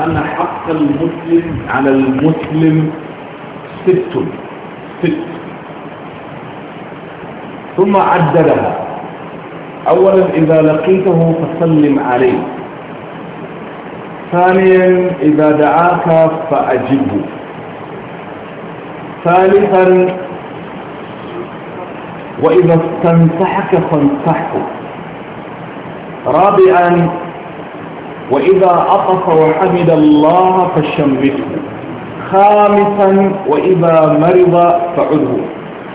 أن حق المسلم على المسلم ست ست ثم عددها أولا إذا لقيته فسلم عليه ثانيا إذا دعاك فأجبه ثالثا وإذا استنصحك فانصحه رابعا وإذا عطف وحمد الله فشمته خامسا وإذا مرض فعده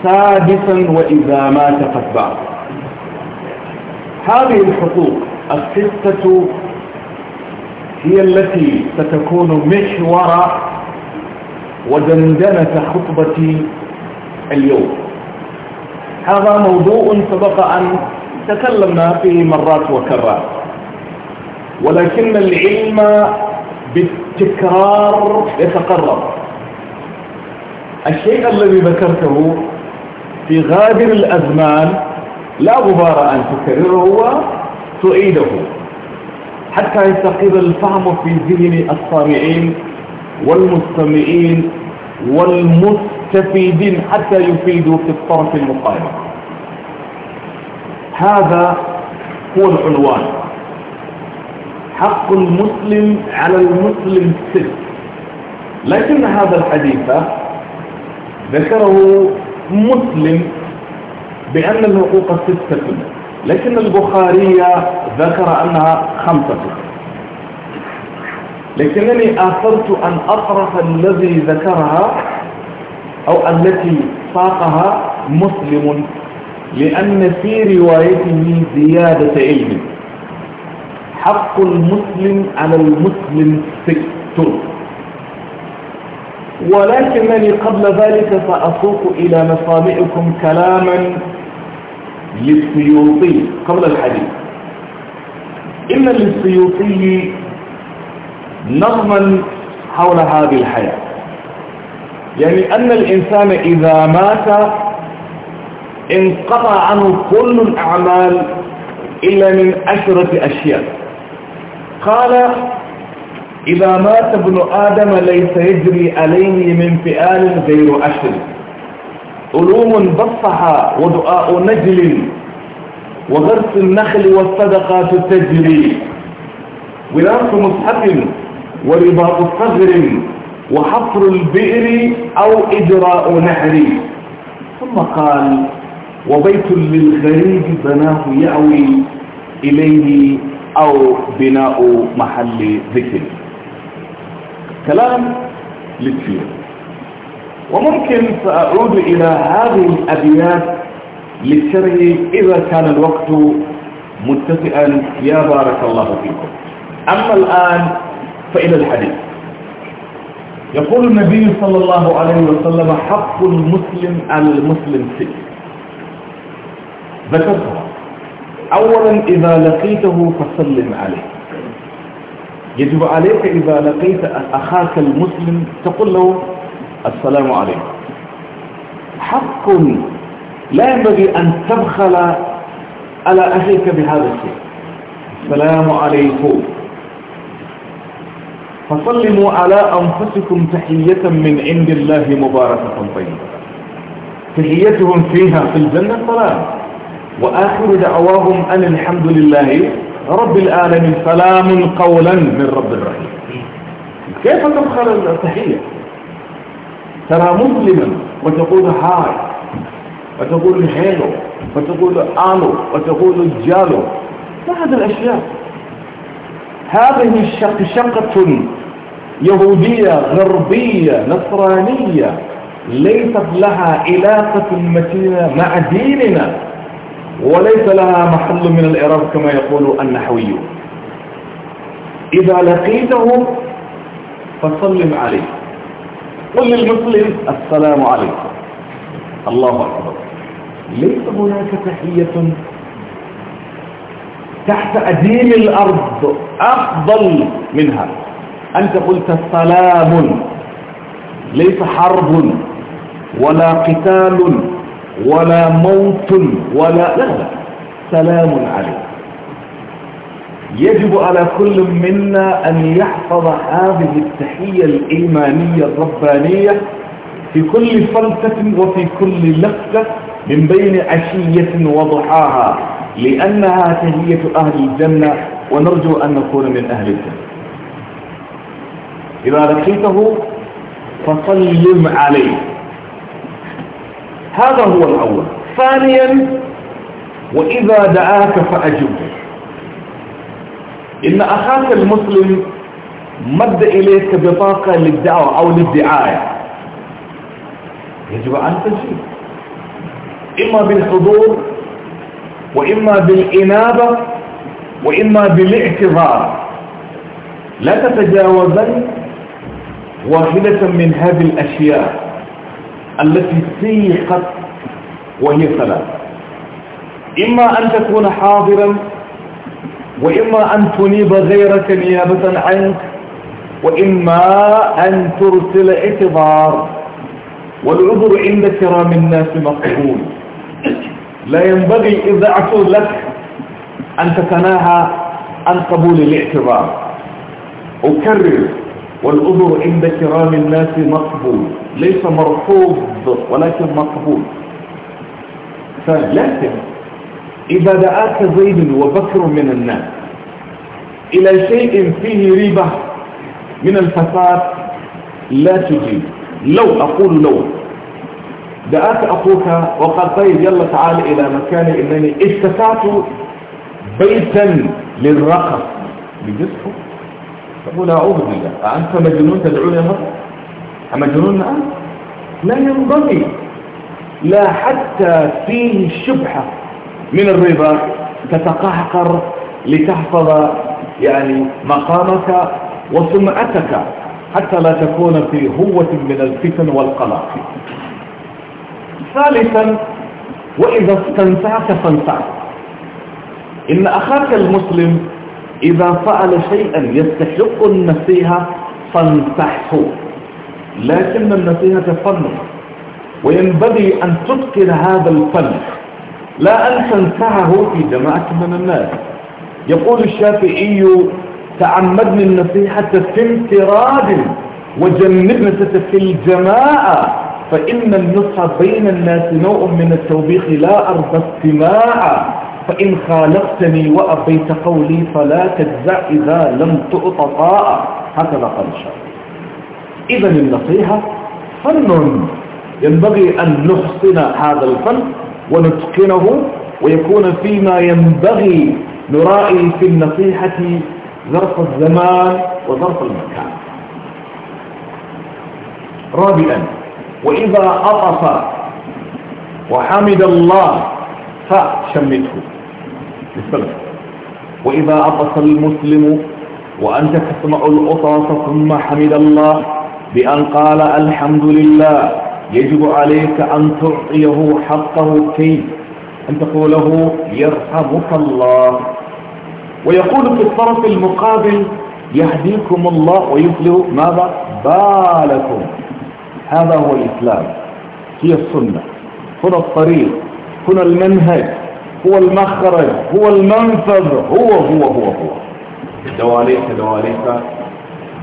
سادسا وإذا مات فاتبعه هذه الحقوق الستة هي التي ستكون محور ودندنة خطبتي اليوم هذا موضوع سبق أن تكلمنا فيه مرات وكرات ولكن العلم بالتكرار يتقرر الشيء الذي ذكرته في غابر الأزمان لا غبار أن تكرره وتعيده حتى يستقيم الفهم في ذهن الصامعين والمستمعين والمستفيدين حتى يفيدوا في الطرف المقابل هذا هو العنوان حق المسلم على المسلم ست لكن هذا الحديث ذكره مسلم بأن الحقوق ستة لكن البخاري ذكر أنها خمسة لكنني آثرت أن أطرح الذي ذكرها أو التي ساقها مسلم لأن في روايته زيادة علم حق المسلم على المسلم ست ولكنني قبل ذلك سأسوق إلى مصامعكم كلاما للسيوطي قبل الحديث إن للسيوطي نظما حول هذه الحياة يعني أن الإنسان إذا مات انقطع عنه كل الأعمال إلا من عشرة أشياء قال إذا مات ابن آدم ليس يجري عليه من فئال غير أشر علوم بصحى ودعاء نجل وغرس النخل والصدقات تجري ولاس مصحف ورباط صغر وحفر البئر أو إجراء نهر ثم قال وبيت للغريب بناه يعوي إليه أو بناء محل ذكر كلام للسير وممكن سأعود إلى هذه الأبيات للشرح إذا كان الوقت متسئا يا بارك الله فيكم أما الآن فإلى الحديث يقول النبي صلى الله عليه وسلم حق المسلم على المسلم سجن ذكرتها أولا إذا لقيته فسلم عليه يجب عليك إذا لقيت أخاك المسلم تقول له السلام عليكم حق لا ينبغي أن تبخل على أهلك بهذا الشيء السلام عليكم فسلموا على أنفسكم تحية من عند الله مباركة طيبة تحيتهم فيها في الجنة سلام وآخر دعواهم أن الحمد لله رب العالمين سلام قولا من رب الرحيم كيف تدخل التحية ترى مسلما وتقول هاي وتقول هيلو وتقول آلو وتقول جالو ما هذه الأشياء هذه الشق شقة يهودية غربية نصرانية ليست لها علاقة متينة مع ديننا وليس لها محل من الإعراب كما يقول النحوي إذا لقيته فسلم عليه قل للمسلم السلام عليكم الله أكبر ليس هناك تحية تحت أديم الأرض أفضل منها أنت قلت سلام ليس حرب ولا قتال ولا موت ولا لا لا سلام عليه يجب على كل منا أن يحفظ هذه التحية الإيمانية الربانية في كل فلسة وفي كل لفتة من بين عشية وضحاها لأنها تهية أهل الجنة ونرجو أن نكون من أهل الجنة إذا لقيته فسلم عليه هذا هو الأول ثانيا وإذا دعاك فأجب إن أخاك المسلم مد إليك بطاقة للدعوة أو للدعاية يجب أن تجيب إما بالحضور وإما بالإنابة وإما بالاعتذار لا تتجاوزن واحدة من هذه الأشياء التي سيقت وهي ثلاث إما أن تكون حاضرا وإما أن تنيب غيرك نيابة عنك وإما أن ترسل اعتبار والعذر عند كرام الناس مقبول لا ينبغي إذا أعتذر لك أن تتناهى عن قبول الاعتبار أكرر والأذر عند كرام الناس مقبول ليس مرفوض ولكن مقبول فلكن إذا دعاك زيد وبكر من الناس إلى شيء فيه ريبة من الفساد لا تجيب لو أقول لو دعاك أخوك وقال طيب يلا تعال إلى مكاني إنني استطعت بيتا للرقص بجسمه تقول أعوذ بالله أنت مجنون تدعوني يا مصر أمجنون نعم لا ينبغي لا حتى فيه الشبحة من الربا تتقهقر لتحفظ يعني مقامك وسمعتك حتى لا تكون في هوة من الفتن والقلق ثالثا وإذا استنفعت فانفعت إن أخاك المسلم إذا فعل شيئا يستحق النصيحة فانصحه لكن النصيحة فن وينبغي أن تتقن هذا الفن لا أن تنسعه في جماعة من الناس يقول الشافعي تعمدني النصيحة في انفراد وجنبني في الجماعة فإن النصح بين الناس نوع من التوبيخ لا أرضى استماعا فإن خالقتني وأبيت قولي فلا تجزع إذا لم تعط طاعة هكذا قال الشافعي إذا النصيحة فن ينبغي أن نحسن هذا الفن ونتقنه ويكون فيما ينبغي نرائي في النصيحة ظرف الزمان وظرف المكان رابعا وإذا أطف وحمد الله فشمته للسلف وإذا عطس المسلم وأنت تسمع الأطاس ثم حمد الله بأن قال الحمد لله يجب عليك أن تعطيه حقه كي أن تقول له يرحمك الله ويقول في الطرف المقابل يهديكم الله ويفلح ماذا بالكم هذا هو الإسلام هي السنة هنا الطريق هنا المنهج هو المخرج هو المنفذ هو هو هو هو دواء دواليس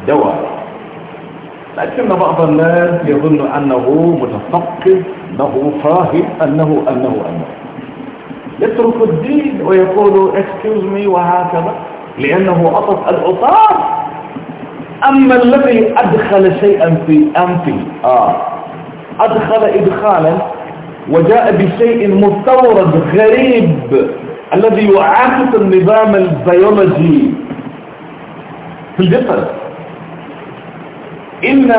دواليس لكن بعض الناس يظن أنه متثقف أنه فاهم أنه أنه أنه يترك الدين ويقول اكسكيوز مي وهكذا لأنه أطف الأطار أما الذي أدخل شيئا في أنفه آه أدخل إدخالا وجاء بشيء مستورد غريب الذي يعاكس النظام البيولوجي في الجسد إن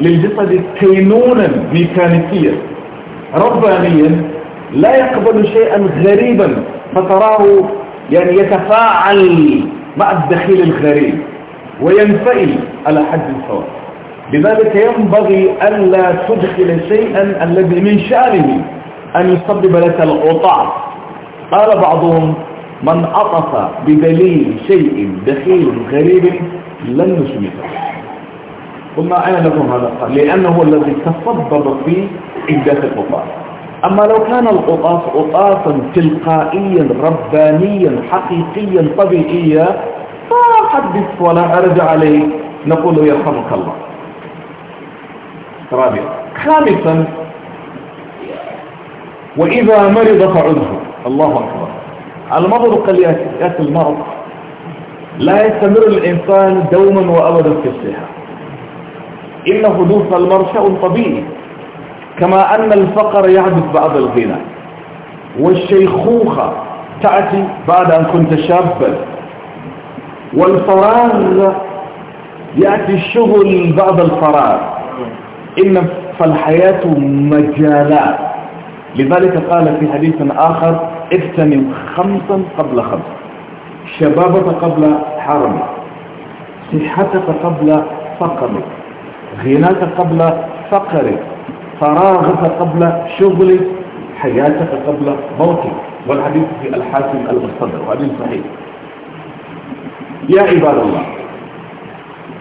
للجسد كينونا ميكانيكيا ربانيا لا يقبل شيئا غريبا فتراه يعني يتفاعل مع الدخيل الغريب وينفعل على حد سواء لذلك ينبغي ألا تدخل شيئا الذي من شأنه أن يسبب لك العطاء قال بعضهم من عطف بدليل شيء دخيل غريب لن نسمته ثم أين لكم هذا القرار لأنه هو الذي تسبب في إحداث العطاء أما لو كان القطاف عطافا تلقائيا ربانيا حقيقيا طبيعيا فحدث ولا أرجع عليه نقول يرحمك الله رابعا خامسا وإذا مرض فعذه الله أكبر المرض قد يأتي المرض لا يستمر الإنسان دوما وأبدا في الصحة إن حدوث المرض شيء طبيعي كما أن الفقر يحدث بعد الغنى والشيخوخة تأتي بعد أن كنت شابا والفراغ يأتي الشغل بعد الفراغ إن فالحياة مجالات لذلك قال في حديث آخر اغتنم خمسا قبل خمس شبابك قبل حرمك صحتك قبل فقرك غناك قبل فقرك فراغك قبل شغلك حياتك قبل موتك والحديث في الحاكم المستدر وحديث صحيح يا عباد الله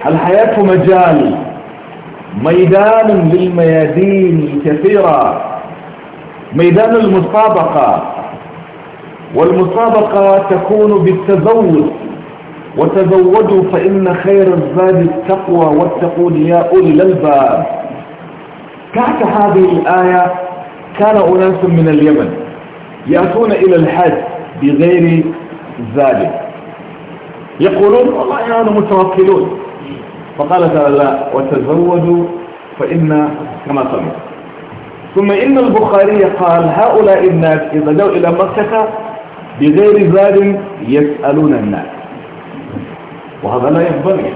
الحياة مجال ميدان للميادين الكثيرة ميدان المسابقة والمسابقة تكون بالتزود وتزودوا فإن خير الزاد التقوى واتقون يا أولي الألباب تحت هذه الآية كان أناس من اليمن يأتون إلى الحج بغير ذلك يقولون والله أنا يعني متوكلون فقال تعالى وتزودوا فإن كما سمعت ثم إن البخاري قال هؤلاء الناس إذا جاءوا إلى مكة بغير زاد يسألون الناس وهذا لا ينبغي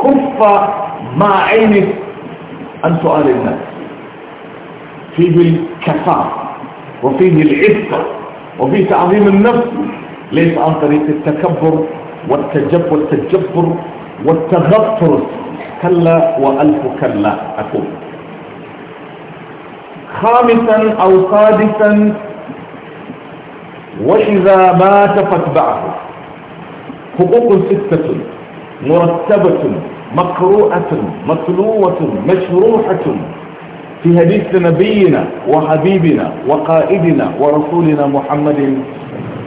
كف مع عينك عن سؤال الناس فيه الكفاء وفيه العفة وفيه تعظيم النفس ليس عن طريق التكبر والتجبر والتجبر والتغطرس كلا وألف كلا أقول خامسا أو سادسا وإذا مات فاتبعه حقوق ستة مرتبة مقروءة مطلوة مشروحة في حديث نبينا وحبيبنا وقائدنا ورسولنا محمد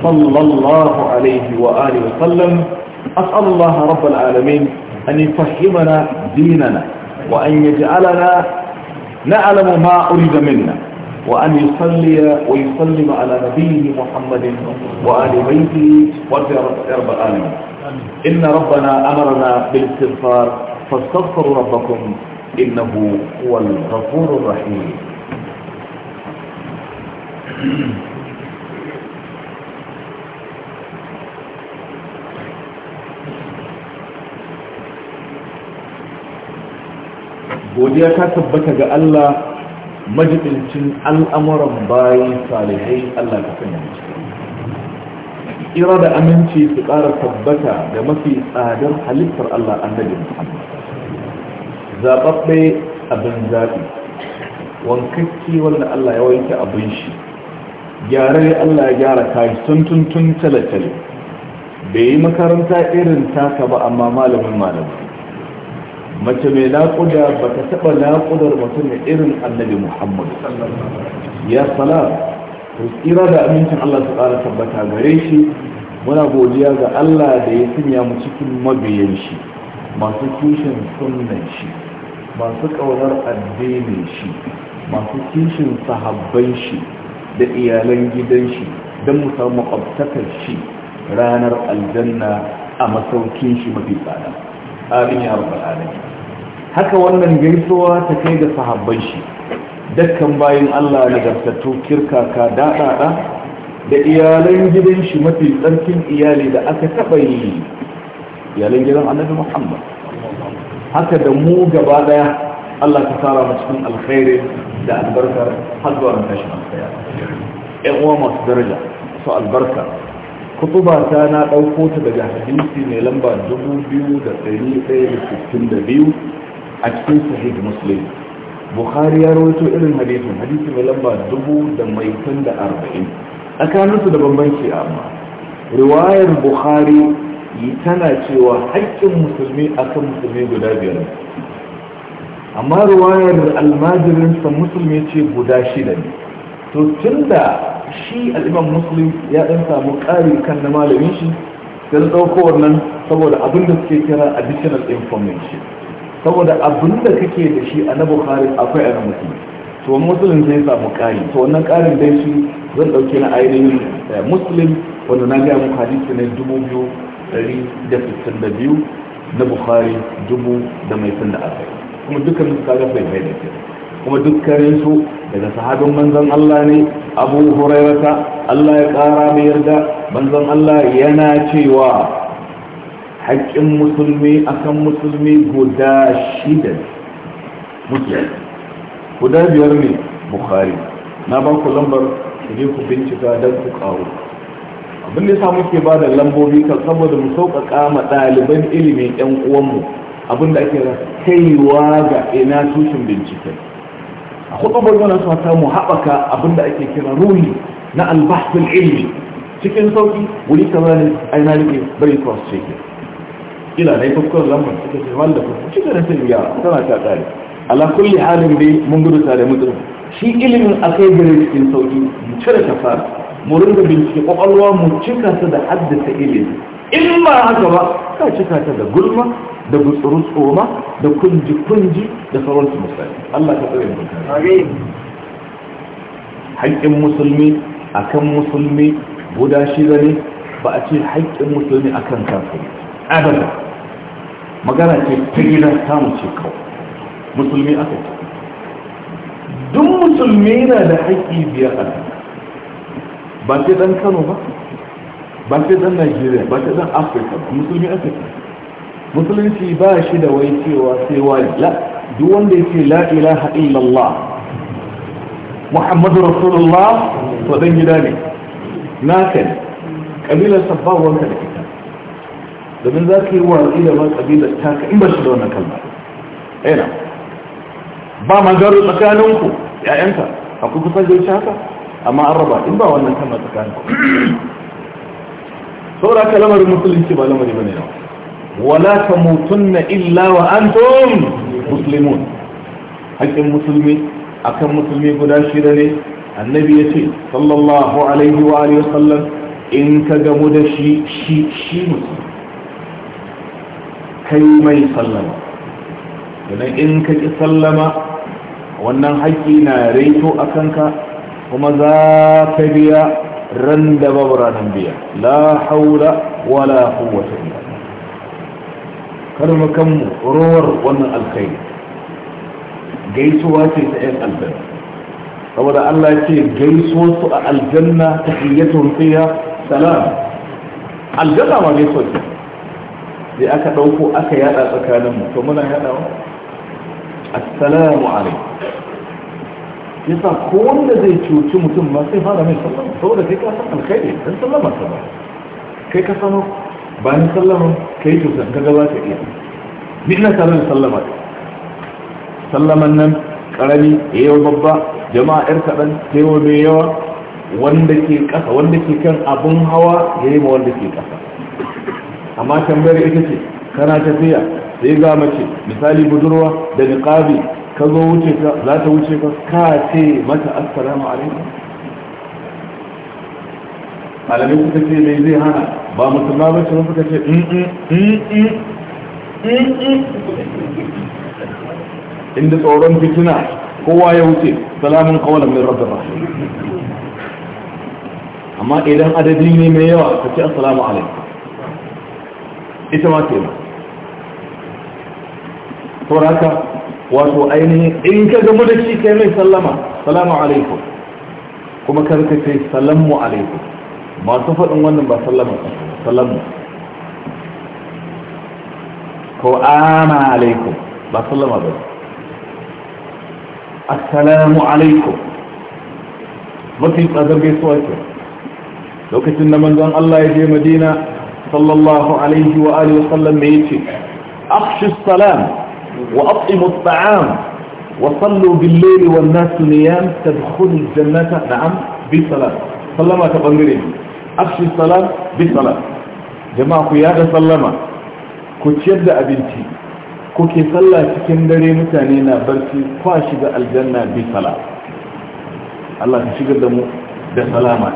صلى الله عليه وآله وسلم أسأل الله رب العالمين أن يفهمنا ديننا وأن يجعلنا نعلم ما أريد منا وأن يصلي ويسلم على نبيه محمد وآل بيته رب العالمين إن ربنا أمرنا بالاستغفار فاستغفروا ربكم إنه هو الغفور الرحيم godiya ta tabbata ga Allah majibincin al'amuran bayan salihai Allah ta sanya mu Ira da aminci su ƙara tabbata da mafi tsadar halittar Allah annabi zaɓaɓɓe abin zaɓi wankakke wanda Allah ya wanke abin shi gyarare Allah ya gyara kayi sun tuntun tale-tale bai yi makaranta irin taka ba amma malamin malamin mace mai naƙuda ba ta taɓa naƙudar mutum irin annabi muhammad ya salam tsira da amincin allah su ƙara tabbata gare shi muna godiya ga allah da ya sanya mu cikin mabiyan shi masu kishin sunnan shi masu ƙaunar addinin shi masu kishin sahabban shi da iyalan gidan shi don mu samu shi ranar aljanna a masaukin shi mafi tsada amin ya alamin haka wannan gaisuwa ta kai ga sahabban shi dakkan bayan Allah kirka kirkaka daɗaɗa da iyalan gidan shi mafi tsarkin iyali da aka taɓa yi iyalan gidan annabi Muhammad haka da mu gaba ɗaya Allah ta fara mu cikin alkhairi da albarkar har zuwa ran tashin alkhairi uwa masu daraja su albarka kutuba ta na ɗauko ta daga hadisi mai lamba 2162 a cikin sahih muslim bukhari ya rawaito irin hadisin hadisi mai lamba 1040 tsakaninsu da bambanci amma riwayar bukhari tana cewa haƙƙin musulmi akan musulmi guda biyar amma riwayar almajirinsa musulmi ce guda shida ne to tun da shi al'imam muslim ya ɗan samu ƙari kan na malamin shi da ɗaukowar nan saboda abin da suke kira additional information saboda abin da kake da shi a na bukari akwai a na musulmi to wani musulun zai samu ƙari to wannan ƙarin dai shi zan ɗauke na ainihin eh, muslim wanda na gaya muku hadisi ne dubu biyu ɗari da sittin da biyu na bukari dubu da mai sun da aka kuma dukkan su kaga bai mai da kuma dukkanin su daga sahabin manzon Allah ne abu hurairata allah ya ƙara mai yarda manzon allah yana cewa haƙƙin musulmi akan musulmi guda shida musulmi guda biyar ne bukhari na ba ku lambar je ku bincika don ku ƙaru abin da muke ba da lambobi kan saboda mu sauƙaƙa ma ɗaliban ilimin 'yan uwanmu abin da ake kaiwa ga ina tushen binciken hudubar yana sa ta mu haɓaka abinda ake kira ruhi na albahsul ilmi cikin sauki wuri kaza aina rike bai cross check ila dai fuskar lamar suka ce wanda ku cikin da sai ya tana ta kare ala kulli halin dai mun gudu tare mutum shi ilimin akai gare cikin sauki mu cire kafar mu rinda bincike kwakwalwa mu cika ta da haddasa ilimi in ba haka ba ka cika ta da gulma da gutsuru tsoma da kunji kunji da sauransu musulmi Allah ka tsaye da haƙƙin musulmi akan musulmi guda shi zane ba a ce haƙƙin musulmi akan kafin abada magana ce ta gidan samun ce kawai musulmi aka ce duk musulmi na da haƙƙi biyar a ba ce ɗan kano ba ba ce ɗan najeriya ba ce ɗan afirka musulmi aka ce musulunci ba shi da wai cewa sai wani la duk wanda ya la ilaha illallah muhammadu rasulullah to dan gida ne naka ne kabilar sabba wanka da kika domin za ka yi watsi ila ma kabilar taka in ba shi da wannan kalma ina ba magaru tsakaninku ya'yanka akwai kusan shi haka amma an raba in ba wannan kalma tsakaninku saboda haka lamarin musulunci ba lamari bane yawa wala tamutunna illa wa antum muslimun haƙƙin musulmi akan musulmi guda shida ne annabi ya ce sallallahu alaihi wa alihi sallam in ka gamu da shi shi shi musulmi kai mai sallama idan in ka ki sallama wannan haƙƙi na raito a kanka kuma za ka biya ran da babu ranar biya la haula wala quwwata illa karmakanmu rowar wannan alkhairi gaisuwa ce ta 'yan aljanna saboda Allah ce gaisuwa su a aljanna ta hiyyatun fiya salam aljanna ma gaisuwa ce sai aka ɗauko aka yada tsakaninmu to muna wa? assalamu alaikum yasa ko wanda zai cuci mutum ma sai fara mai sallama saboda kai ka san ne dan sallama ta ba kai ka sano bayan sallama ka yi cutar ka gaba ka iya ni ina tare da sallama sallaman nan karami ya yi babba jama'a yar kaɗan ta yi mai yawa wanda ke ƙasa wanda ke kan abin hawa ya yi ma wanda ke ƙasa amma tambayar ita ce kana tafiya sai ga mace misali budurwa da niqabi ka zo wuce ka za ta wuce ka ka ce mata assalamu alaikum malamai suka ce mai zai hana ba musulma ba ce suka ce mm, mm, mm, inda tsoron fitina kowa ya wuce salamun kawalan min rabbi rahim amma idan adadi ne mai yawa ka ce assalamu alaikum ita ma ce sauraka wato ainihin in ka gamu da shi kai mai sallama salamu alaikum kuma ce salamu alaikum masu faɗin wannan ba sallama ba sallan ko ana alaikum ba sallama ba assalamu alaikum mafi tsadar gaisuwa ce lokacin da manzon Allah ya je Madina sallallahu alaihi wa alihi wasallam me yace afshu salam wa at'imu at'am wa sallu bil layli wan nas niyam tadkhulu al jannata na'am bi salam sallama ta bangare afshi salam bi salam jama'a ku yada sallama ku ciyar da abinci ku ke sallah cikin dare mutane na barci kwa shiga aljanna bi salam Allah ka shigar da mu da salama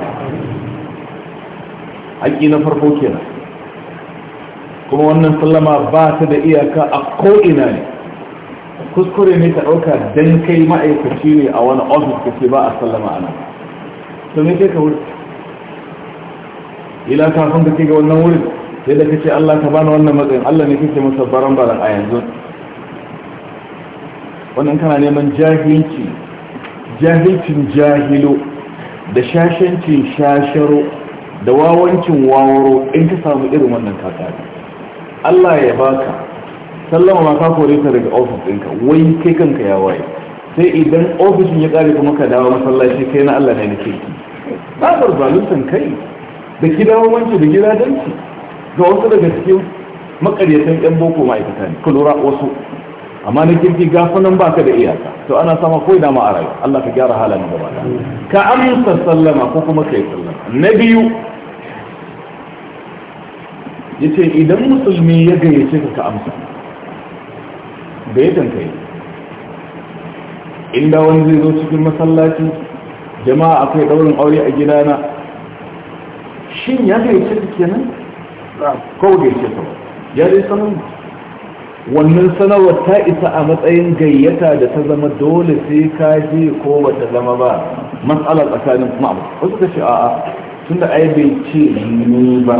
haƙi na farko kenan kuma wannan sallama ba ta da iyaka a ko'ina ne kuskure ne ka ɗauka don kai ma'aikaci ne a wani ofis ka ce ba a sallama ana to me kai ka wuce ila kafin ka ga wannan wurin sai da kace Allah ka bani wannan matsayin Allah ne kike masa baran baran a yanzu wannan kana neman jahilci jahilcin jahilo da shashancin shasharo da wawancin wawaro in ka samu irin wannan kakari Allah ya baka sallama ma ka kore ka daga ofis ɗinka wai kai kanka ya waye sai idan ofishin ya kare kuma ka dawo masallaci kai na Allah ne nake ki ba zaluntan kai da gidan wancan, da gidajenki ga wasu daga cikin makaryatan yan boko ma'aikata ne kulura wasu amma na kirki gafunan ka da iyaka to ana sama koi da ma Allah ka gyara halayen gaba da ka amsa sallama ko kuma kai sallama na biyu Ya ce idan musulmi ya gayyace ka ka amsa ya kai inda wani zai zo cikin masallaci jama'a akwai daurin aure a gidana shin ya gaice ta kenan ko yake ta ya dai sanin wannan sanarwar ta isa a matsayin gayyata da ta zama dole sai ka je ko ba ta zama ba matsalar tsakanin kuma abu wasu ka ce a'a tun da ai bai ce ni ba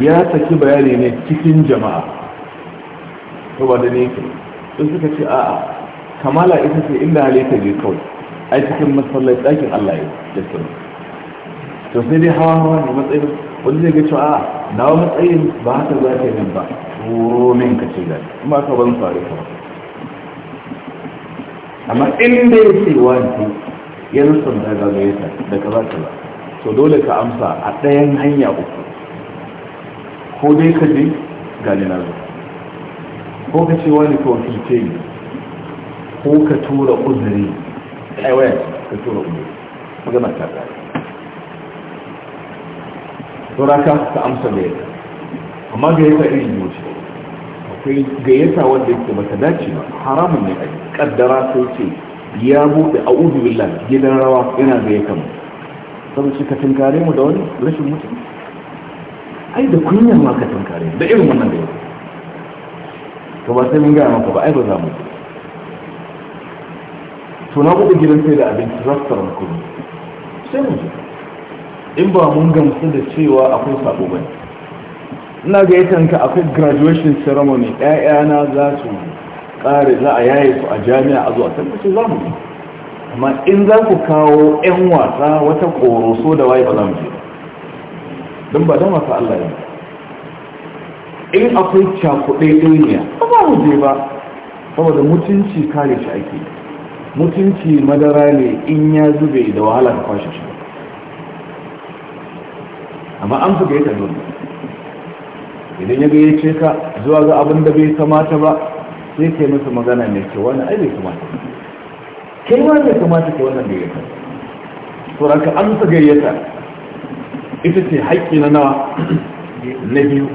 ya saki bayani ne cikin jama'a to ba da ne ke sun suka ce a'a kamala ita ce inda halitta ne kawai ai cikin masallaci ɗakin Allah ya ce to sai dai hawa hawa ne matsayin wani zai ga cewa a nawa matsayin ba haka za ka yi ba turo min ka ce gani, in ba ka ban faru ka amma in da ya ce wani ya rusa da zai ta da ka ba ka ba to dole ka amsa a ɗayan hanya uku ko dai ka je gani na zo ko ka ce wani ko ce ne ko ka tura uzuri ai waya ka tura uzuri magana ta gari sauraka ta amsa da yadda amma gayyata irin biyu akwai ga gayyata wanda yake ba ta dace ba haramun ne a kaddara ko ce ya bude a udu billah gidan rawa yana gayyata mu saboda shi ka tunkare mu da wani rashin mutum ai da kunyar ma ka tunkare da irin wannan da to ba sai mun gaya maka ba ai ba za mu to na bude gidan sai da abinci restaurant kuma sai mu je in ba mun gamsu da cewa akwai sabo ba ina ga yakan ka akwai graduation ceremony ƴaƴana za su ƙare za a yaye su a jami'a a zuwa tabbaci za mu amma in za ku kawo 'yan wasa wata koroso da waye ba za mu je don ba don wasa Allah ya in akwai cakuɗe duniya ba za mu je ba saboda mutunci kare shi ake mutunci madara ne in ya zube da wahala ka kwashe shi amma an fuga ya nuna idan ya gayyace ka zuwa ga abin da bai kamata ba sai kai masa magana mai kyau wannan ai bai kamata kai ma bai kamata ka wannan gayyata to ka an fuga gayyata ita ce haƙƙi na nawa na biyu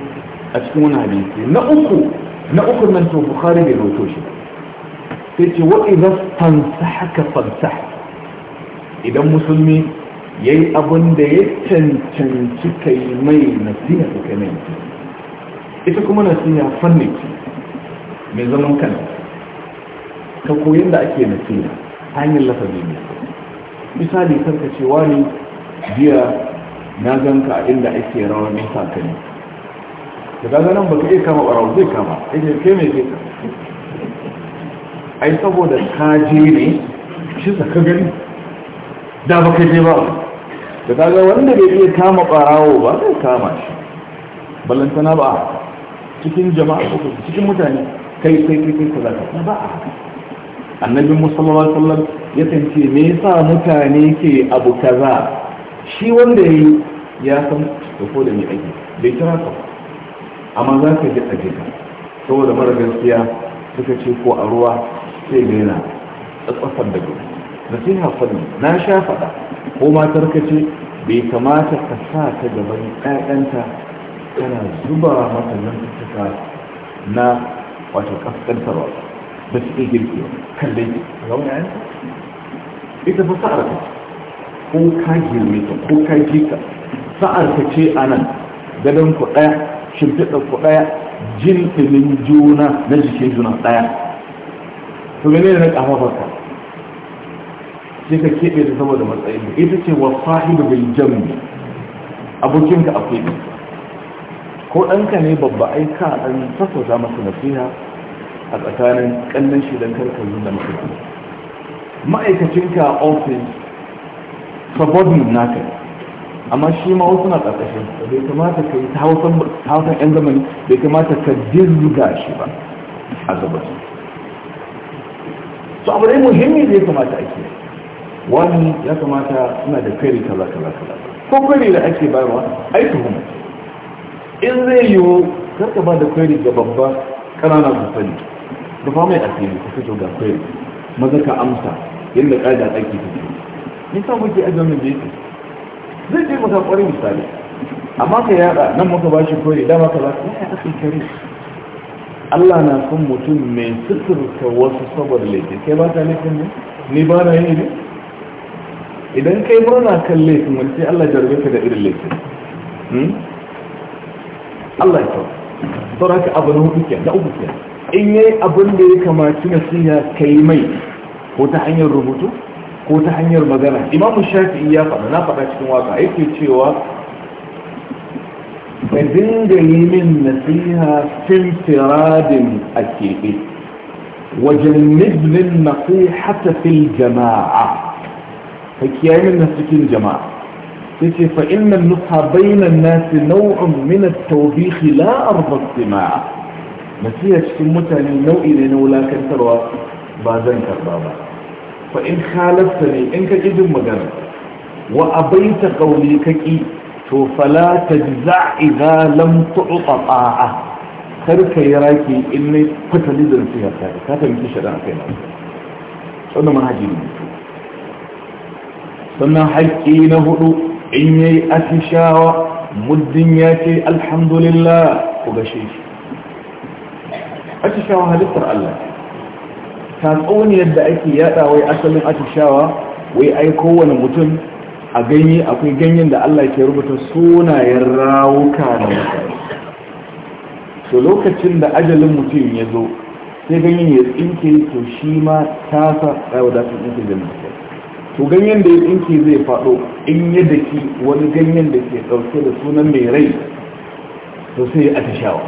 a cikin wani hadisi na uku na uku nan to bukhari bai roto shi sai ce wa fansa haka fansah idan musulmi ya yi abin da ya cancanci ka mai nasiha da ka mai ita kuma nasiha fanni ce mai zaman kan ka koyin da ake nasiha hanyar lafazi ne misali karka ce wani jiya na ganka a inda ake rawa mai sakani ne da daga nan ba ka iya kama ɓarau zai kama ake ke mai zai kama ai saboda ka je ne shi ka gani da ba ka je ba da kaga wanda bai iya kama barawo ba zai kama shi ballantana ba cikin jama'a ko cikin mutane kai kai kai kai kula ka ba annabi musamman alaihi sallar ya tance me yasa mutane ke abu kaza shi wanda yi ya san da ko da mai ake bai kira ka amma za ka ji a ka saboda mara gaskiya suka ce ko a ruwa sai ga yana tsatsafan da gudu nasiha fanni na sha faɗa ko matar ka ce bai kamata ka sa ta gaban ƴaƴanta kana zuba mata zantuka na wato ba da iya girki kalle a gaban ƴaƴanta ita fa sa'ar ka ko ka girme ta ko ka ka sa'ar ka ce a nan gadon ku ɗaya shimfiɗar ku ɗaya jilfilin juna na jikin juna ɗaya to da na ƙafafarka sai ka keɓe ta saboda matsayin ita ce wa sahibu bil jambi abokinka akwai ne ko ɗanka ne babba ka ɗan sassauta masa nasiha a tsakanin ƙannan shi don karkar da masa ma'aikacinka ofis subordinate naka amma shi ma wasu na ƙarƙashin bai kamata ka yi ta hausan 'yan zamani bai kamata ka jirga shi ba a gabas su abu dai muhimmi zai kamata ake yi wani ya kamata suna da kwari kala-kala-kala. ko kwari da ake bayarwa ai in zai yiwu karka ba da kwari ga babba kanana su sani da fa mai asiri ka fito ga kwari maza ka amsa yadda ƙa'ida ake fito nisan kuke ajiyar da yake zai je maka kwarin misali amma ka yada nan maka ba shi kwari dama ka ya ka kare Allah na son mutum mai suturta wasu saboda laifin kai ba ta laifin ne ni ba na yi ne idan kai murna kan laifin wani sai Allah jarbe ka da irin laifin Allah ya kawo sauran ka abu na hudu ke na uku ke in yi abin da ya kamaci nasiha ka yi mai ko ta hanyar rubutu ko ta hanyar magana imamu shafi'i ya faɗa na faɗa cikin waka yake cewa ka dinga yi min nasiha fin firadin a keɓe wajen nijinin nasihata fil jama'a فكيام الناس كين جماعة تيسي فإن النصح بين الناس نوع من التوبيخ لا أرض السماعة نسيح سمتا للنوع يعني لنو لا كنتر بازن كربابا فإن خالفتني إنك إذن مجرد وأبيت قوليك إي فلا تجزع إذا لم تعطى طاعة خلق يراك إني قتل إذن فيها خالف هذا يمكن شدعك إنا شو أنه ما هاجيني sannan haƙƙi na hudu in ya yayi atishawa muddin ya ce alhamdulillah ku gashe shi atishawa halittar Allah ta tsoni yadda ake yada wai asalin atishawa wai ai kowane mutum a ganye akwai ganyen da Allah ke rubuta sunayen rawuka na mutane to lokacin da ajalin mutum ya zo sai ganyen ya tsinke to shi ma tasa ya wadatar tsinke jami'a to ganyen da ya tsinki zai faɗo in da ki wani ganyen da ke ɗauke da sunan mai rai to sai ya shawa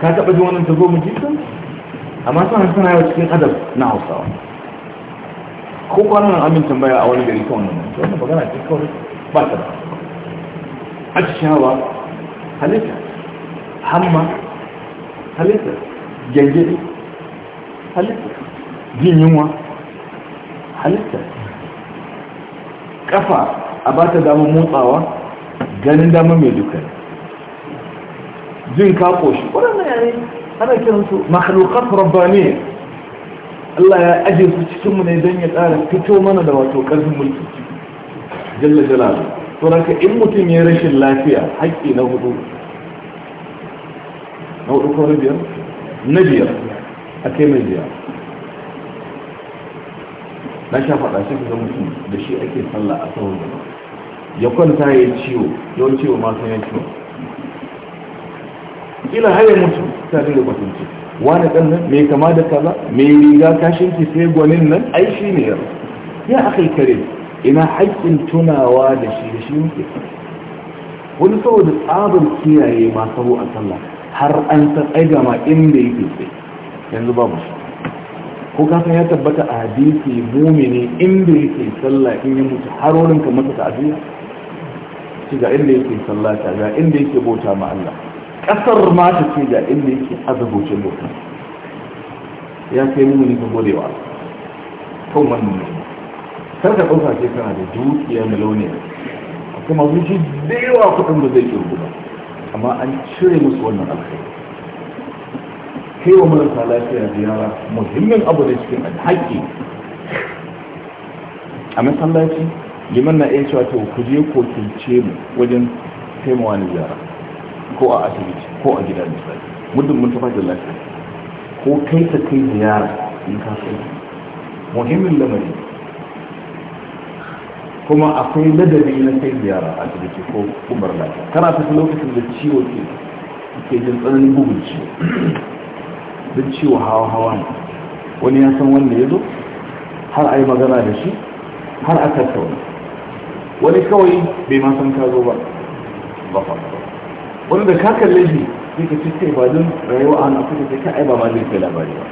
ka taɓa jin wani tazo mu jikin amma sun hankali yawa cikin adab na hausawa ko kwanan nan amince baya a wani gari kawai nan wannan magana ce kawai ba ta ba shawa halitta hamma halitta gyangyadi halitta jin yunwa halitta kafa a ba ta damar motsawa ganin damar mai dukkan jin kakoshi waɗanda yare ana kiransu makhlukat rabbani Allah ya aje su cikinmu ne don ya tsara fito mana da wato ƙarfin mulki jalla jalalu to raka in mutum ya rashin lafiya haƙƙi na hudu na hudu ko na biyar na biyar a kai mai biyar na sha faɗa shi kusa mutum da shi ake sallah a sahun gaba ya kwanta ya ciwo yawan ciwo ma sun ya ciwo ila har mutum ta da kwatance wani ɗan nan mai kama da kaza mai riga kashin ki sai gwanin nan ai shi ne yau ya yi kare ina haƙƙin tunawa da shi da shi muke wani saboda tsabar kiyaye ma sahu a sallah har an san ai ga ma inda yake sai yanzu babu shi ko kafin ya tabbata a hadisi mumini inda yake sallah in ya mutu har wurin ka masa ta'aziyya ce ga inda yake sallah ta ga inda yake bauta ma Allah kasar ma ta ce ga inda yake azabuce bauta ya kai mumini ka gode kan wannan ne kar ka ɗauka ce kana da dukiya na akwai kuma zuci da yawa kuɗin da zai ke ba amma an cire musu wannan alkhairi kai wa marasa lafiya ziyara muhimmin abu da cikin haƙƙi a masallaci liman na iya cewa to ku je ko kince mu wajen taimawa ni ziyara ko a asibiti ko a gida misali muddin mun da lafiya ko kai ta kai ziyara in ka so muhimmin lamari kuma akwai ladabi na kai ziyara a asibiti ko kumbar lafiya kana ta lokacin da ciwo ke ke jin tsananin bugun ciwo duk ciwo hawa hawa ne wani ya san wanda ya zo har a yi magana da shi har a tattauna wani kawai bai ma san ka zo ba ba fa wani da ka kalle shi sai ka ci kai ba don rayuwa a nan kuka sai ka ai ba ma zai kai labari ba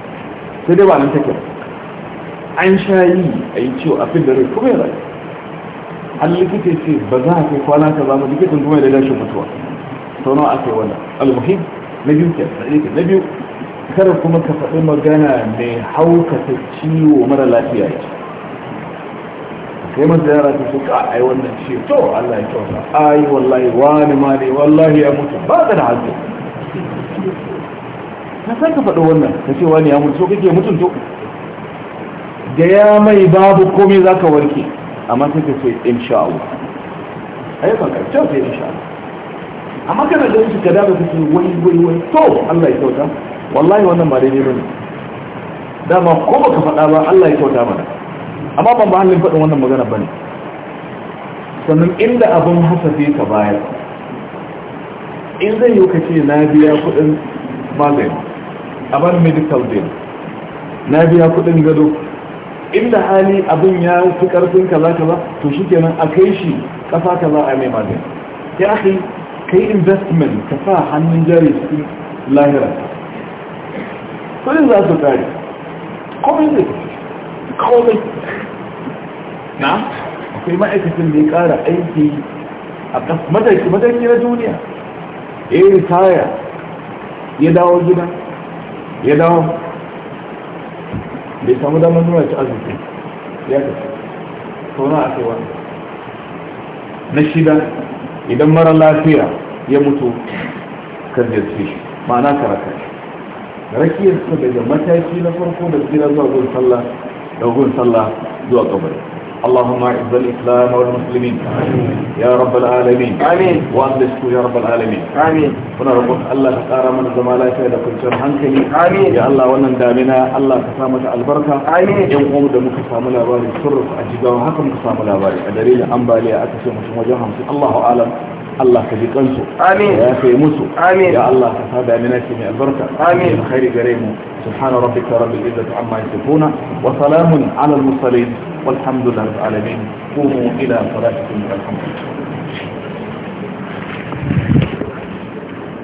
sai dai ba nan take an sha yi a yi ciwo a fin da rai kuma ya rayu har likita ce ba za a kai kwana ka zama likitan kuma ya da dashin mutuwa sau nawa aka yi wannan almuhim na biyu ke na biyu kar kuma ka faɗi magana mai haukata ciwo mara lafiya ce kai masa yara ta suka ai wannan ce to Allah ya kyauta ai wallahi wani ma ne wallahi ya mutu ba ka da hazo na san ka faɗi wannan ka ce wani ya mutu so kake mutun to da ya mai babu komai zaka warke amma sai ka ce insha Allah ai ban ka ce insha Allah amma kana da shi ka da ba wai wai wai to Allah ya kyauta wallahi wannan ba daidai bane dama ko baka faɗa ba Allah ya kyauta mana amma ban ba halin faɗin wannan magana bane sannan inda abin hasafi ka baya, in zai yi ka ce na biya kuɗin magani a bar medical bill na biya kuɗin gado inda hali abin ya fi ƙarfin kaza kaza to shi a kai shi ƙasa kaza a mai magani ya ake kai investment ka sa hannun jari cikin lahira kudin za su tare komai zai komai na akwai ma'aikacin da ya kara aiki a mataki mataki na duniya ya yi taya ya dawo gida ya dawo bai samu damar nuna ci arziki ya ga sauna a cewa na shida idan mara lafiya ya mutu kan jirgin ma'ana karakashi rakiyarsa daga mataki na farko da tsira zuwa gun sallah da gun sallah zuwa kabari اللهم اعز الاسلام والمسلمين يا رب العالمين امين واصلح يا رب العالمين امين kuna roƙon Allah ka kara mana zama lafiya da kwanciyar hankali amin ya Allah wannan damina Allah ka sa mata albarka amin yan uwan da muka samu labari sun rufe a jigawa haka muka samu labari a dare da ambaliya aka ce mutum wajen hamsin Allahu alam Allah ka ji kansu ya fi musu ya Allah ka sada mina ce mai albarka amin da khairi gare mu subhana rabbika rabbil izzati amma yasifuna wa salamun ala al-mursalin walhamdulillahi rabbil alamin qumu